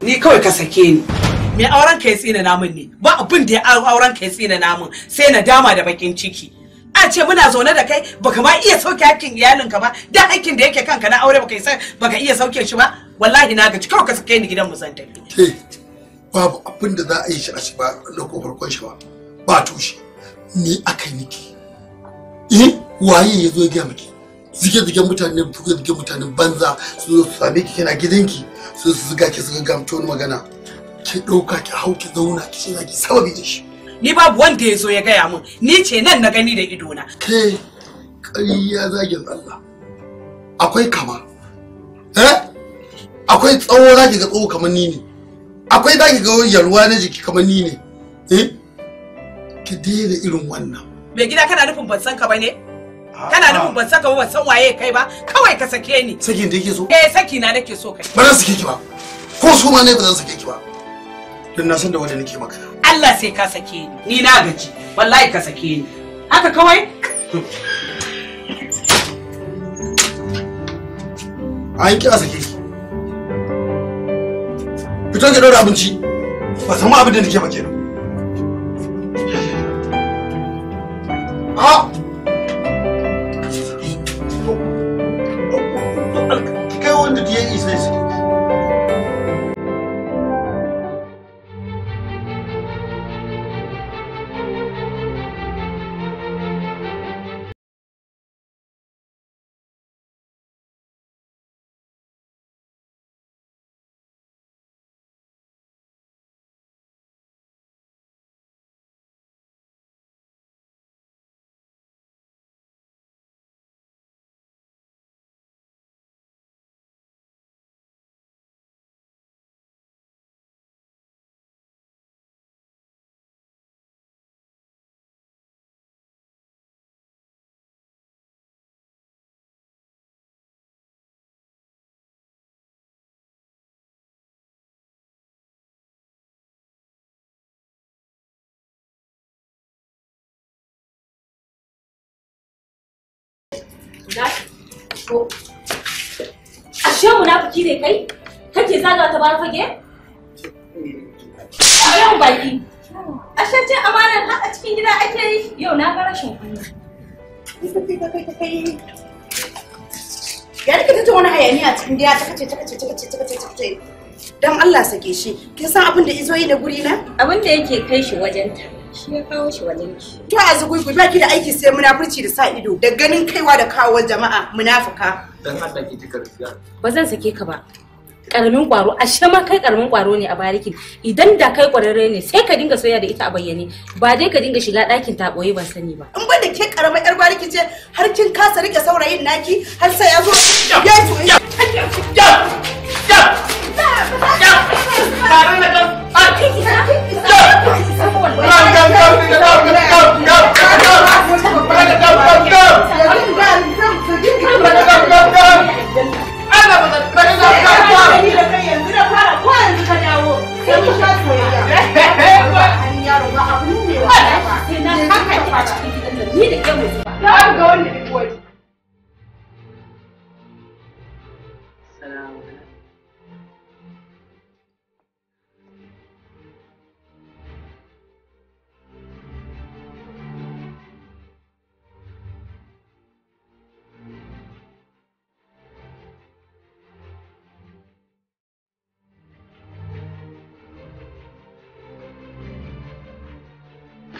ni kawai ka sake ni Me auren ka ya tsina namun ne ba abin da ya auren ka ya tsina namun sai na dama da bakin ciki a ce muna zaune da kai baka ma iya sauke hakkin iyalinka ba da hakkin da yake kanka na aure baka isa baka iya sauke shi ba wallahi na gaci kawai ka sake ni gidan mu zan tafi babu abin da za a yi shi a shi ba na farkon shi ba ba tushe ni akai niki eh waye ya zo ya miki zige-zigen mutanen fuge-zigen mutanen banza su zo su same ki kina gidanki su su ziga ki su wani magana ki ɗauka ki hau ki zauna ki ce ki sababi da shi. ni babu wanda ya zo ya gaya min ni ce nan na gani da idona. ke ƙarya zagin Allah akwai kama eh akwai tsawo ki ga tsawo kamar ni ne akwai zaki ga yalwa na jiki kamar ni ne eh ki daina irin wannan. mai gida kana nufin ban san ka ba ne? kana mun ban saka ba san waye kai ba kawai ka sake ni sakin da yake so eh saki na nake so kai ba zan sake ki ba ko su ma ne ba zan sake ki ba dan na san da wanda nake maka Allah sai ka sake ni ni na gaji wallahi ka sake ni haka kawai ai ki a sake ki fito ki dora abinci ba san ma abin da nake ba kenan Ah! to ashe munafiki ne kai kake zagawa ta bar fage yau baki ashe ce amanar har a cikin gida ake yi yau na ga rashin kunya ya rike ta wani hayaniya a cikin gida ta kace ta kace ta kace ta kace ta kace dan Allah sake shi kin san abin da izo yi da guri na abin da yake kai shi wajenta shi ya kawo shi wajen ki to a ba ki da aiki sai munafurci da sa ido da ganin kaiwa da kawo jama'a munafuka dan Allah ki tuka ba zan sake ka ba karamin kwaro ashe ma kai karamin kwaro ne a barikin idan da kai kwararre ne sai ka dinga soyayya da ita a bayyane ba dai ka dinga shiga ɗakin ta boye ban sani ba in ba da ke karamar yar bariki ce har kin kasa rike saurayin naki har sai ya zo ya haifa a cikin gidan nan ni da ke mu zuba na ga wannan uwai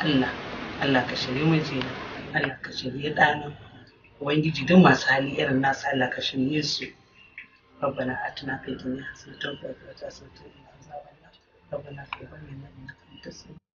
Allah Allah ka shirye mijina Allah ka shirye ɗana ubangiji duk masu hali irin nasu Allah ka shirye su ربنا آتنا في الدنيا حسنة وفي الآخرة حسنة وقنا عذاب النار ربنا اغفر لنا إنك أنت السميع